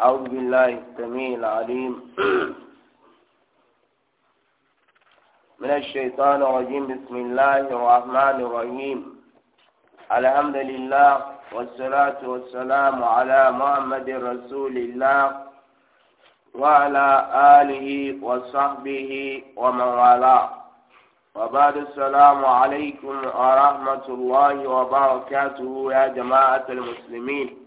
أعوذ بالله السميع العليم من الشيطان الرجيم بسم الله الرحمن الرحيم الحمد لله والصلاة والسلام على محمد رسول الله وعلى آله وصحبه ومن والاه وبعد السلام عليكم ورحمة الله وبركاته يا جماعة المسلمين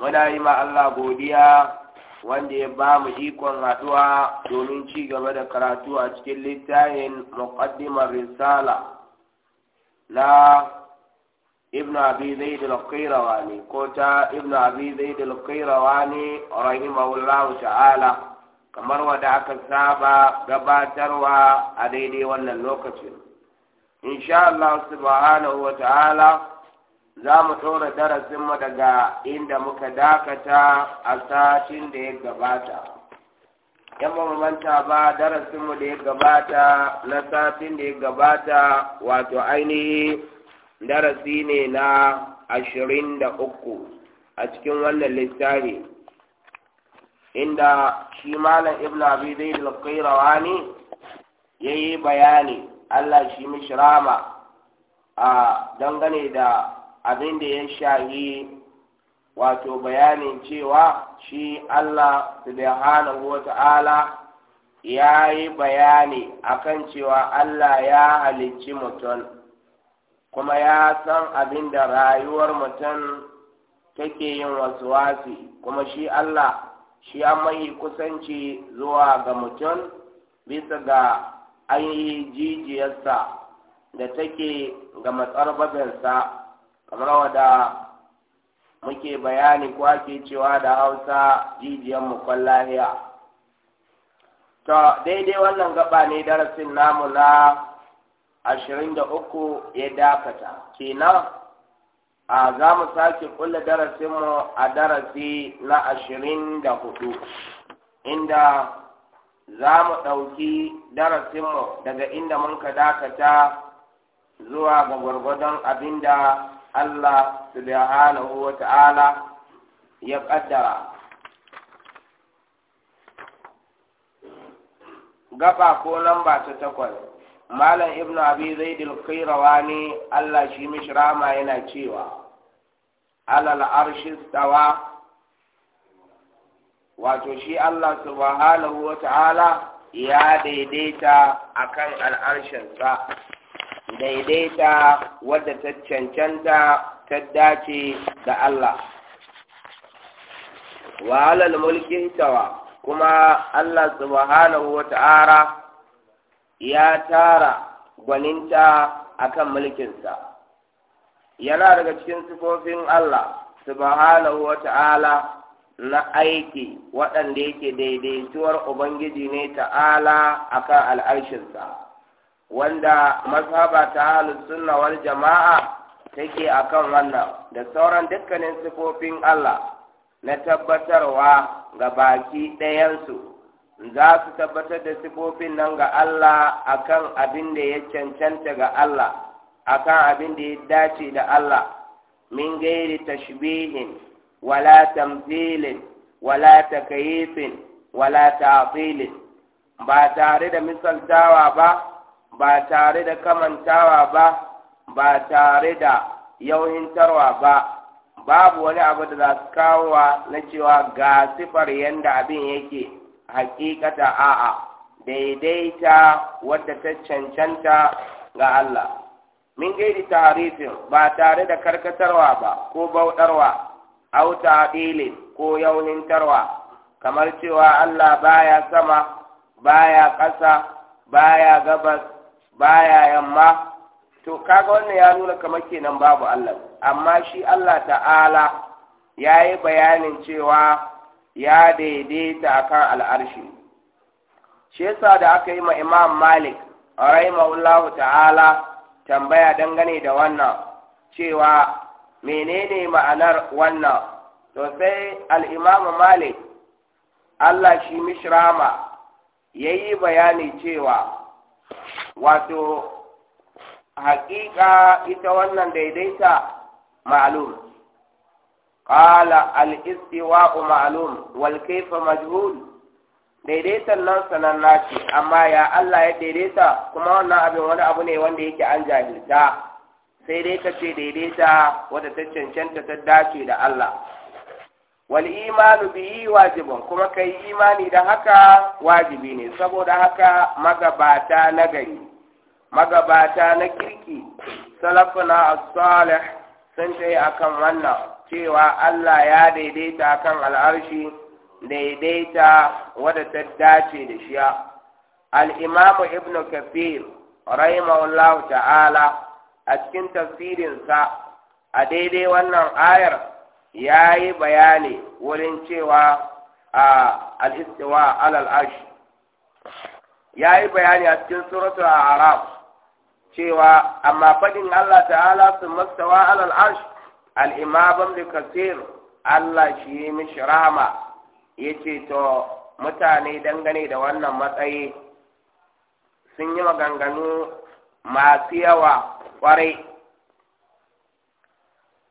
muna yi ma Allah godiya wanda ya ba mu ikon haɗuwa domin ci gaba da karatu a cikin littafin muqaddimar risala na ibn abi zaid al-qayrawani ko ta ibn abi zaid al-qayrawani rahimahullahu ta'ala kamar wanda aka saba gabatarwa a daidai wannan lokacin insha Allah subhanahu wa ta'ala za mu darasin darasinmu daga inda muka dakata a satin da ya gabata yan manta ba darasinmu da ya gabata na satin da ya gabata wato ainihi darasi ne na ashirin da uku a cikin wannan littafi inda shi malam ibn abi zai ne ya yi bayani allah shi mishirama a dangane da abin da ya shahi wato bayanin cewa shi Allah subhanahu wa ta'ala ya yi bayani akan cewa Allah ya halicci mutum kuma ya san abin da rayuwar mutum take yin wasu wasi kuma shi Allah shi an mai kusanci zuwa ga mutum bisa ga ainihin jijiyarsa da take ga matsarbabinsa kamar wadda muke bayani ko ake cewa da hausa jijiyan mukon lahiya to daidai wannan gaba ne darasin namu na ashirin da uku ya dakata kenan a za mu sake kulle darasinmu a darasi na ashirin da hudu inda za mu ɗauki darasinmu daga inda mun ka dakata zuwa ga gwargwadon abinda Allah subhanahu wa ta'ala ya ƙaddara gaba ko lamba ta takwas malam ibn abi zai al-qayrawa ne Allah shi mishrama yana cewa alal arshi stawa wato shi Allah subhanahu wa ta'ala ya daidaita akan al'arshinsa daidaita wadda ta cancanta ta dace da Allah wa halal mulkin tawa kuma Allah subhanahu wa ta'ara ya tara gwaninta akan mulkinsa yana daga cikin sifofin Allah subhanahu wa ta'ala na aiki waɗanda yake daidaituwar Ubangiji ne ta'ala akan al'arshinsa. wanda mazhaba ta halin sunna wal jama'a take akan wannan da sauran dukkanin sifofin Allah na tabbatarwa ga baki ɗayansu za su tabbatar da sifofin nan ga Allah akan abin da ya cancanta ga Allah akan abin da ya dace da Allah min gairi tashbihin wala tamthilin wala takayifin wala ta'tilin ba tare da misaltawa ba ba tare da kamantawa ba ba tare da yauhintarwa ba babu wani abu da za su kawo na cewa ga sifar yadda abin yake hakikata a'a daidaita wadda ta cancanta ga Allah min gaidi tarifin ba tare da karkatarwa ba ko bautarwa au ta'dilin ko yaunintarwa kamar cewa Allah baya sama baya ƙasa baya gabas baya yamma to kaga wannan ya nuna kamar kenan babu Allah amma shi Allah ta'ala ya yi bayanin cewa ya daidaita akan al'arshi shi yasa da aka yi ma imam malik rahimahullahu ta'ala tambaya dangane da wannan cewa menene ma'anar wannan to sai al'imam malik Allah shi mishrama ya yi bayani cewa wato haƙiƙa ita wannan daidaita ma'lum qala al-istiwa'u ma'lum wal kayfa majhul daidaitan nan sananna ce amma ya Allah ya daidaita kuma wannan abin wani abu ne wanda yake an jahilta sai dai ka ce daidaita wadda ta cancanta ta dace da Allah wal imanu bihi wajibun kuma kai imani da haka wajibi ne saboda haka magabata na gari magabata na kirki salafuna as-salih sun tayi akan wannan cewa Allah ya daidaita akan al'arshi daidaita wadda ta dace da shiya al-imam ibn kathir rahimahullah ta'ala a cikin tafsirinsa a daidai wannan ayar ya yi bayani wurin cewa a al-istiwa al arshi ya yi bayani a cikin suratul a'raf cewa amma faɗin Allah ta'ala sun mastawa alal arsh al'imaban da kasir Allah shi yi mishi rahama ya ce to mutane dangane da wannan matsayi sun yi maganganu masu yawa kwarai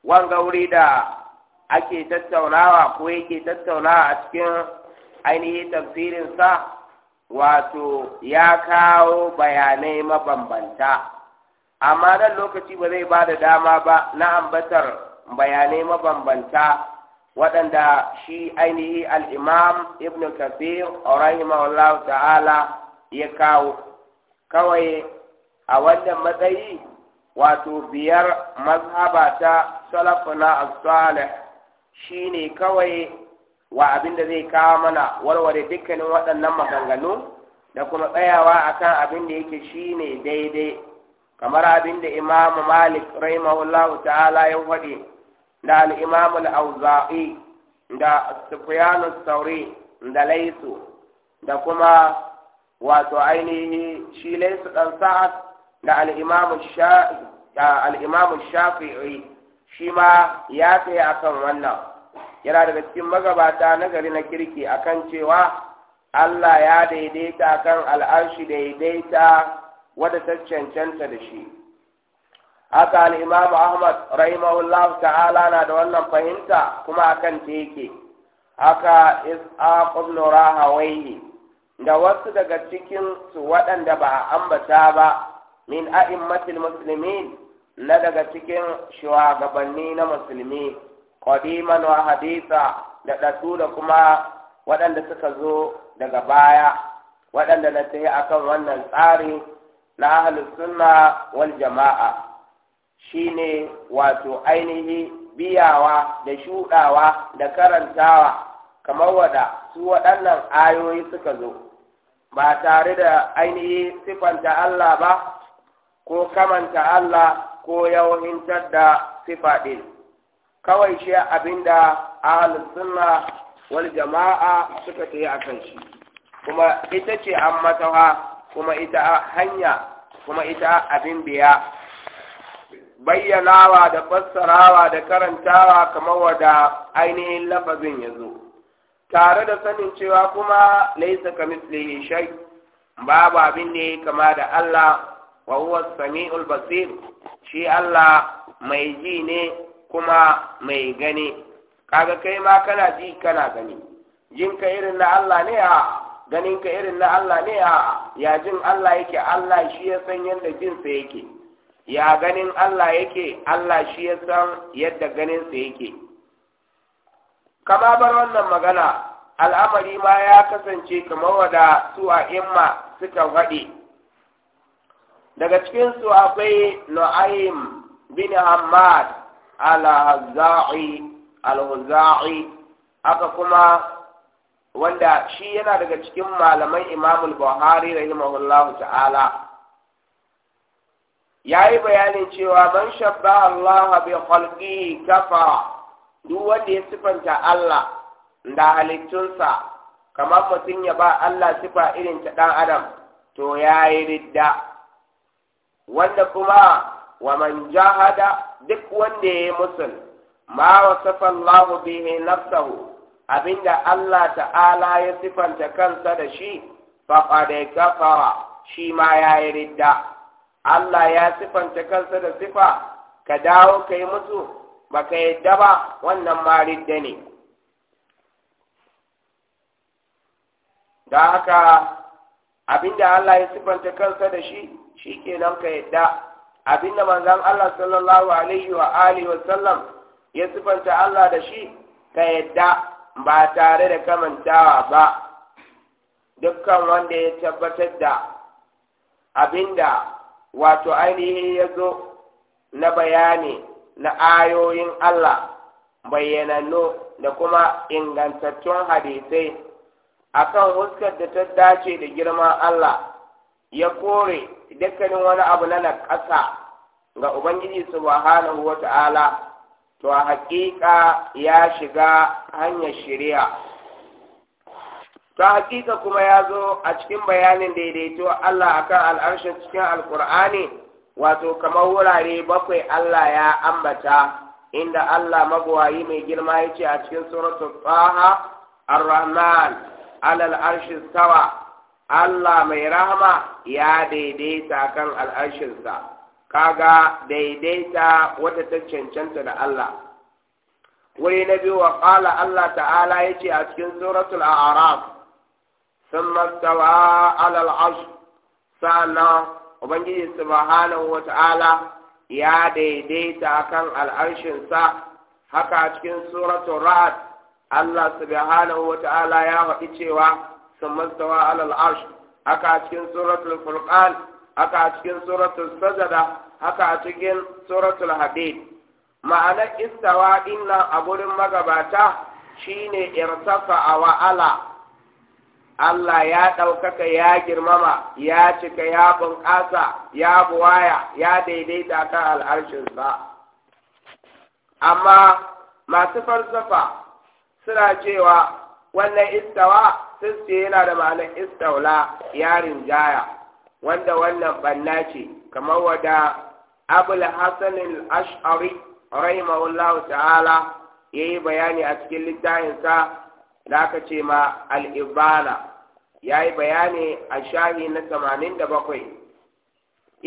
wanga wuri da ake tattaunawa ko yake tattaunawa a cikin ainihin tafsirinsa wato ya kawo bayanai mabambanta amma nan lokaci ba zai ba da dama ba na ambatar bayanai mabambanta waɗanda shi ainihi al'imam ibn kafir rahimahullah ta'ala ya kawo kawai a wannan matsayi wato biyar mazhaba ta salafuna as shi ne kawai wa abin da zai kawo mana warware dukkanin waɗannan maganganu da kuma tsayawa a kan abin da yake shi ne daidai kamar abin da imam malik rahimahullahu ta'ala ya faɗi da al-imam al-auza'i da Sufiyanus sauri da laisu da kuma wato ainihi shi laisu dan sa'ad da al shafii shi ma ya tsaye akan wannan yana daga cikin magabata na gari na kirki akan cewa Allah ya daidaita kan al'arshi daidaita wadda ta cancanta da shi. Haka al'imamu Ahmad rahimahullah ta'ala na da wannan fahimta kuma akan ta yake, haka Is'aqun Rahawaihi da wasu daga cikin su waɗanda ba a ambata ba min a'immatul Musulmi na daga cikin shugabanni na musulmi. qadiman wa haditha da datu da kuma waɗanda suka zo daga baya waɗanda na tafi akan wannan tsari na ahlus sunna wal jama'a shine wato ainihi biyawa da shuɗawa da karantawa kamar wada su waɗannan ayoyi suka zo ba tare da ainihi sifanta Allah ba ko kamanta Allah ko yauhintar da sifa ɗin. kawai shi abin da ahalin sunna wani jama'a suka a kan shi kuma ita ce an matawa kuma ita hanya kuma ita abin biya bayyanawa da fassarawa da karantawa kamar wada ainihin lafazin ya zo tare da sanin cewa kuma laisa ka mislihi shai, babu abin ne kama da Allah wa huwa samiul basir shi Allah mai ji ne kuma mai gani kaga kai ma kana ji kana gani jinka irin na Allah ne a ganinka irin na Allah ne a ya jin Allah yake Allah shi ya san yadda jinsa yake ya ganin Allah yake Allah shi ya san yadda ganinsa yake kama bar wannan magana al'amari ma ya kasance kamar wada su a imma suka faɗi daga cikinsu akwai no'aim bin hamad al-huza'i aka kuma wanda shi yana daga cikin malaman imamul buhari rahimahullahu ta'ala ya yi bayanin cewa man shabba Allah bi khalqi kafara duk wanda ya sifanta Allah da halittunsa kamar mutum ya ba Allah sifa irin ta ɗan adam to ya yi ridda wanda kuma wa man jahada duk wanda ya musul ma wasafa Allah bihi nafsahu abinda Allah ta'ala ya sifanta kansa da shi faqad kafara shi ma yi ridda Allah ya sifanta kansa da sifa ka dawo kai musu baka yadda ba wannan ma ridda ne da haka abinda Allah ya sifanta kansa da shi kenan ka yadda abinda manzon Allah sallallahu alaihi wa alihi wa sallam ya sifanta Allah da shi ka yadda ba tare da kamantawa ba dukkan wanda ya tabbatar da abinda wato ainihin ya zo na bayani na ayoyin Allah bayyanannu da kuma ingantattun hadisai akan huskar da ta dace da girman Allah ya kore dukkanin wani abu na naƙasa ga ubangiji subhanahu wa ta'ala to a haƙiƙa ya shiga hanyar shari'a to haƙiƙa kuma ya zo a cikin bayanin daidaito Allah akan al'arshin cikin alƙur'ani? wato kamar wurare bakwai Allah ya ambata inda Allah magwayi mai girma ya ce a cikin suratul taha ar-rahman alal Allah mai rahama ya daidaita kan al'arshinsa kaga daidaita wata ta cancanta da Allah wuri na biyu wa kala Allah ta'ala yace a cikin suratul a'raf thumma stawa 'ala al-'arsh ubangiji subhanahu wa ta'ala ya daidaita akan al'arshin haka a cikin suratul ra'd Allah subhanahu wa ta'ala ya faɗi cewa thumma mastawa 'ala ash, haka a cikin suratul furqan haka a cikin suratul sajada haka a cikin suratul hadid ma'anar istawa ɗinnan a gurin magabata shine irtafa a wa'ala Allah ya ɗaukaka ya girmama ya cika ya bunƙasa ya buwaya ya daidaita kan al'arshinsa amma masu falsafa suna cewa wannan istawa sun yana da ma'anar istaula ya rinjaya wanda wannan banna ce kamar wada abul hasanin ash'ari rahimahullah ta'ala ya yi bayani a cikin littafinsa da aka ce ma al'ibana ya yi bayani a shahi na 87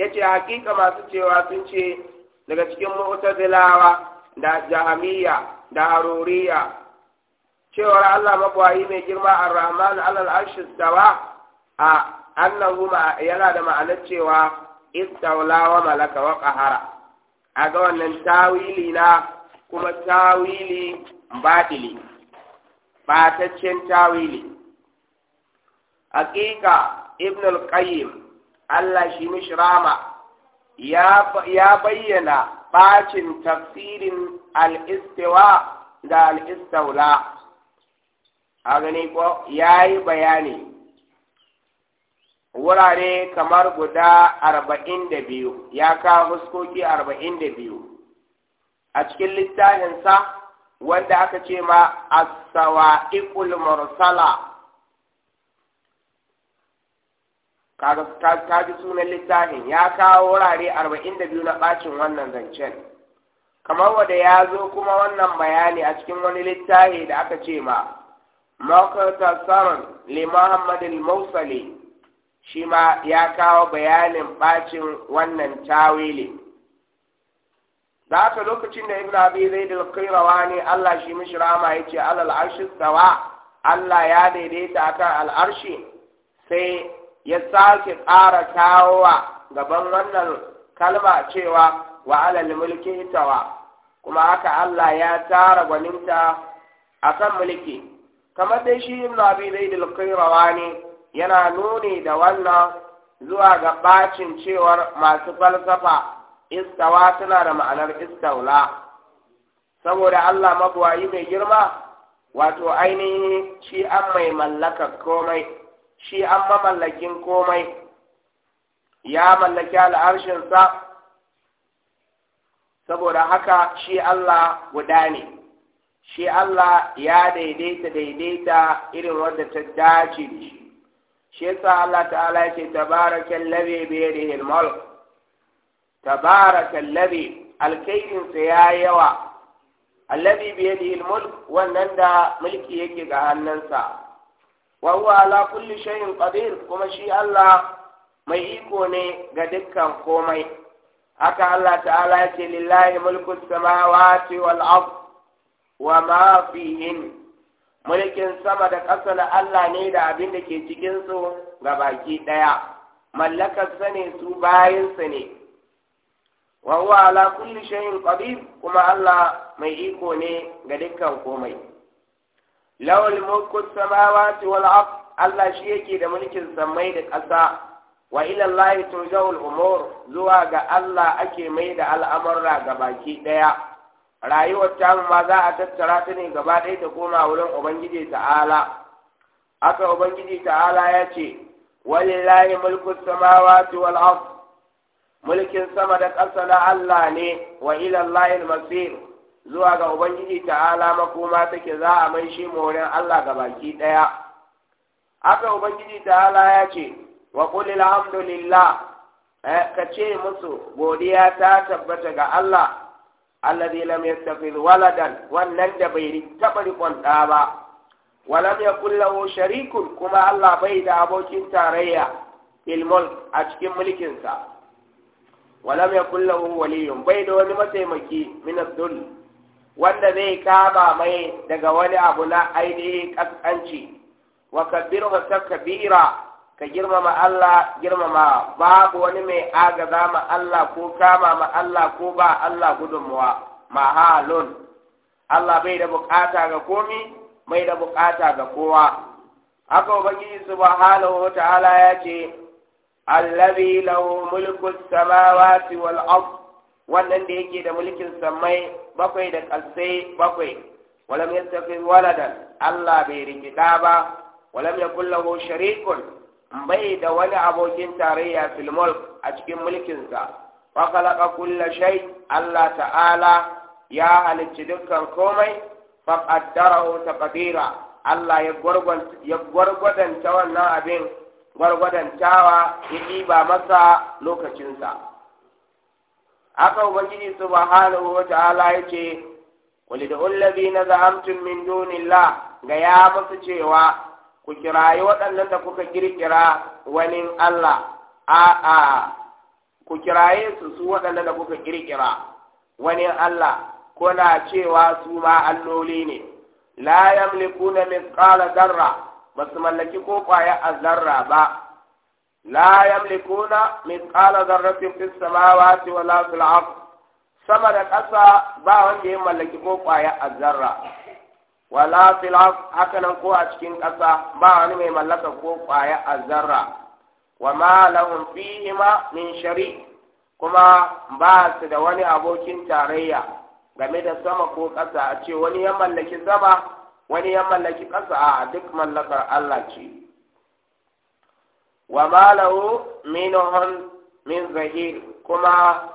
ya ce hakika masu cewa sun ce daga cikin mu'tazilawa da jahamiya da haruriya cewar allah mabawayi mai girma a rahman alal arshis a annahu yana da ma'anar cewa istaula wa malaka wa qahara aga wannan tawili na kuma tawili batili bataccen tawili haƙiƙa ibn al-qayyim Allah shi mishrama ya bayyana bacin tafsirin al-istiwa da al istaula a gani ko yayi bayani wurare kamar guda arba'in da biyu ya ka huskoki arba'in da biyu a cikin littafinsa wanda aka ce ma Asawa Ikul mursala ka ji sunan littafin ya kawo wurare arba'in da biyu na ɓacin wannan zancen kamar wanda ya zo kuma wannan bayani a cikin wani littafi da aka ce ma makatasar le muhammadin mausali shi ma ya kawo bayanin bacin wannan tawili da haka lokacin da ibn abi zaid da qayrawa ne Allah shi mishi rama ce, alal arshi sawa Allah ya daidaita akan al'arshi sai ya sake ƙara kawowa gaban wannan kalma cewa wa alal mulki tawa kuma haka Allah ya tara gwaninta akan mulki kamar dai shi ibn abi zaid da qayrawa ne yana nuni da wannan zuwa ga bacin cewar masu falsafa istawa suna da ma'anar istaula saboda Allah mabuwayi mai girma wato ainihi shi an mai mallaka komai shi an mamallakin komai ya mallaki al'arshinsa saboda haka shi Allah guda ne shi Allah ya daidaita daidaita irin wadda ta dace da shi shi yasa Allah ta'ala yake tabarakal ladhi bi yadihi al-mulk tabarakal ladhi alkaydin sa ya yawa alladhi bi yadihi al-mulk wannan da mulki yake ga hannunsa wa huwa ala kulli shay'in qadir kuma shi Allah mai iko ne ga dukkan komai haka Allah ta'ala yake lillahi mulku samawati wal ard wa ma fihin mulkin sama da ƙasa na Allah ne da abin da ke cikinsu ga baki ɗaya, mallakarsa ne su bayansa ne, wa huwa ala kulli shayin ƙwabi kuma Allah mai iko ne ga dukkan komai. Lawal samawa samawati wal abu Allah shi yake da mulkin samai da ƙasa wa ilallahi Allah umur zuwa ga Allah ake mai da al'amurra ga baki ɗaya. rayuwar tamu ma za a tattara ta ne gaba ɗaya ta koma wurin ubangiji ta'ala aka ubangiji ta'ala ya ce walillahi mulkus samawati wal ard mulkin sama da ƙasa na Allah ne wa ila Allahil masir zuwa ga ubangiji ta'ala makoma take za a mai shi wurin Allah gabaki baki ɗaya aka ubangiji ta'ala ya ce wa qul alhamdulillah eh, ka ce musu godiya ta tabbata ga Allah alladhi lam yattakhidh waladan wannan da bai taɓa riƙon ɗa ba walam yakul lahu sharikun kuma Allah bai da abokin tarayya fil a cikin mulkin sa walam yakul lahu waliyun bai da wani mataimaki min adul wanda zai kama mai daga wani abu na ainihin kaskanci wa kabbirhu takbira ka girmama Allah girmama babu wani mai agaza ma Allah ko kama ma Allah ko ba Allah gudunmuwa mahalun Allah bai da bukata ga komi mai da bukata ga kowa haka ubangiji subhanahu ta'ala ya ce allazi lahu mulku samawati wal ard wannan da yake da mulkin samai bakwai da kalsai bakwai walam yattakhidh waladan Allah bai rikida ba walam yakul lahu sharikun bai da wani abokin tarayya fil a cikin mulkinsa wa khalaqa kulla shay Allah ta'ala ya halicci dukkan komai fa qaddarahu taqdira Allah ya gwargwanta ya wannan abin gwargwadantawa ya ɗiba masa lokacinsa aka ubangiji subhanahu wa ta'ala yace qul da na za'amtum min dunillah ga ya musu cewa ku kirayi waɗannan da kuka kirkira wani Allah a'a ku kiraye su su waɗannan da kuka kirkira wani Allah kuna cewa su ma alloli ne la yamlikuna mithqala zarra ba su mallaki ko kwaya a zarra ba la yamlikuna mithqala zarratin fi samawati wala fil ard sama da ƙasa ba wanda ya mallaki ko kwaya a zarra wala filaf hakanan ko a cikin ƙasa ba wani mai mallaka ko ƙwaya a zarra wa ma lahum fihima min shari kuma ba su da wani abokin tarayya game da sama ko ƙasa a ce wani ya mallaki sama wani ya mallaki ƙasa a duk mallakar Allah ce wa ma lahu minhum min zahir kuma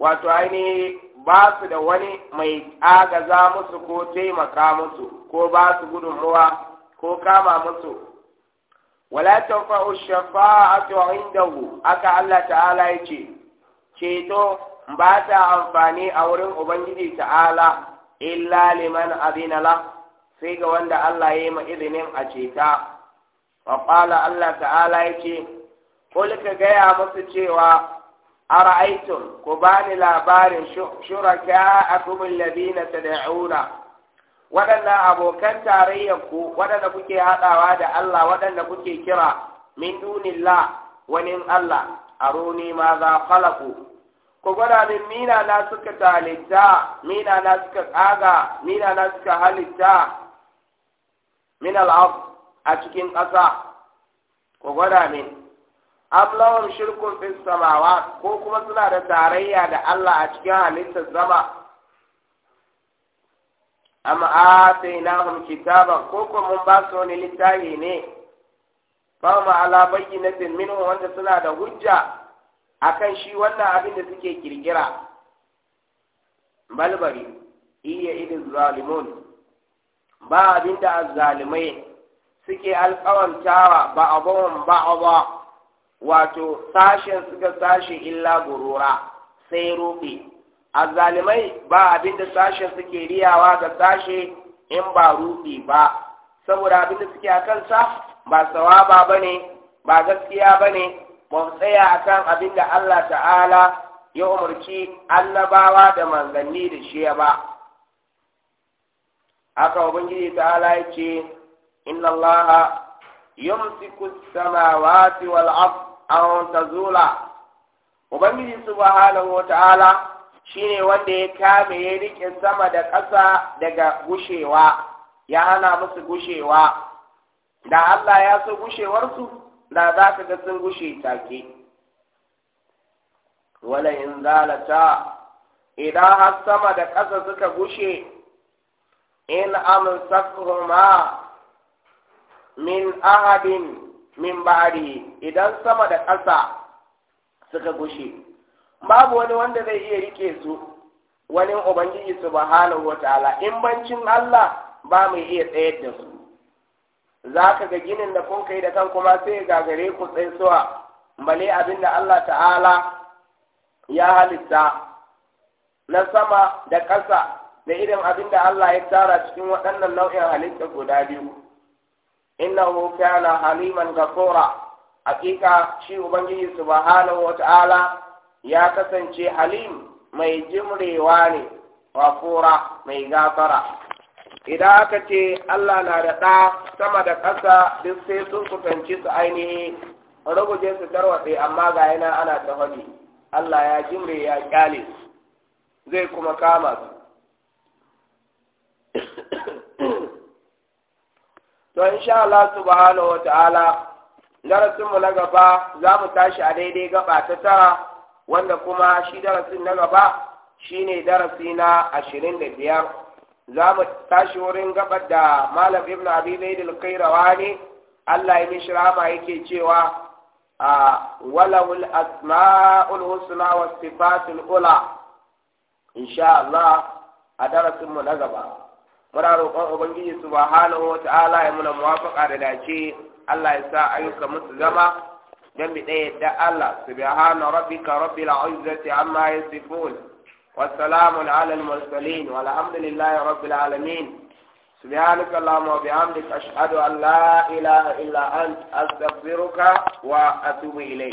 wato ainihi ba su da wani mai agaza musu ko taimaka musu ko ba su gudunmuwa ko kama musu wala tanfa'u shafa'atu indahu aka Allah ta'ala yace ceto ba ta amfani a wurin ubangiji ta'ala illa liman adina la sai ga wanda Allah ya yi ma izinin a ceta wa qala Allah ta'ala yace qul ka gaya musu cewa A ara'aytum ku bani labarin shuraka akum alladhina tad'una waɗannan abokan tarayyar ku waɗanda kuke haɗawa da Allah waɗanda kuke kira min duni la wani Allah a aruni ma za khalaqu ku gwada min mi na suka talitta mi na ka tsaga mi na ka halitta min al'af a cikin ƙasa ku gwada min am lahum shirkun fi samawat ko kuma suna da tarayya da Allah a cikin halittar sama am atainahum kitaban ko kuma mun ba su wani littafi ne fahim ala bayyinatin minhu wanda suna da hujja akan shi wannan abin da suke kirkira balbari iya idin zalimun ba abinda azzalimai suke alkawantawa ba abun ba ba wato sashen suka sashe illa gurura sai A azzalimai ba abin da sashen suke riyawa ga sashe in ba rubi ba saboda abin da suke a kansa ba sawaba ba ne ba gaskiya ba ne ba tsaya akan kan abin da Allah ta'ala ya umarci annabawa da manzanni da shi ba haka ubangiji ta'ala ya ce inna allaha yumsiku samawati wal ardh an tazula ubangiji subhanahu wata'ala shine wanda ya kame ya rike sama da ƙasa daga gushewa ya hana musu gushewa da Allah ya so su da za ka ga sun gushe take wala in zalata idan har sama da ƙasa suka gushe in amsakhuma min ahadin min ba'ari idan sama da ƙasa suka gushe babu wani wanda zai iya rike su wani ubangiji subhanahu wataala in bancin Allah ba mai iya tsayar da su za ka ga ginin da kun kai da kan kuma sai gagare ku suwa bale abin da Allah ta'ala ya halitta na sama da ƙasa da irin abin da Allah ya tara cikin waɗannan nau'in halitta guda biyu innahu kana haliman ghafura hakika shi ubangiji subhanahu wata'ala ya kasance halim mai jimrewa ne ghafura mai gafara idan aka ce Allah na da ɗa sama da ƙasa duk sai sun kusanci su ainihi ruguje su tarwatse amma ga yana ana ta Allah ya jimre ya kyale zai kuma kama to insha Allah subhanahu wa ta'ala darasin mu na gaba za mu tashi a daidai gaba ta tara wanda kuma shi darasin na gaba shine darasi na ashirin da biyar za mu tashi wurin gabar da malam ibn abi zaidul kairawa ne Allah ya mishi rama yake cewa a walawul asma'ul husna was sifatul ula insha Allah a darasin mu na gaba muna roƙon ubangiji subhanahu wa ta'ala ya muna muwafaqa da dace Allah ya sa ayyuka musu zama dan bi ɗaya da Allah subhana rabbika rabbil izzati amma yasifun wa salamun ala al mursalin walhamdulillahi rabbil alamin subhanaka allahumma wa bihamdika ashhadu an la ilaha illa anta astaghfiruka wa atubu ilayk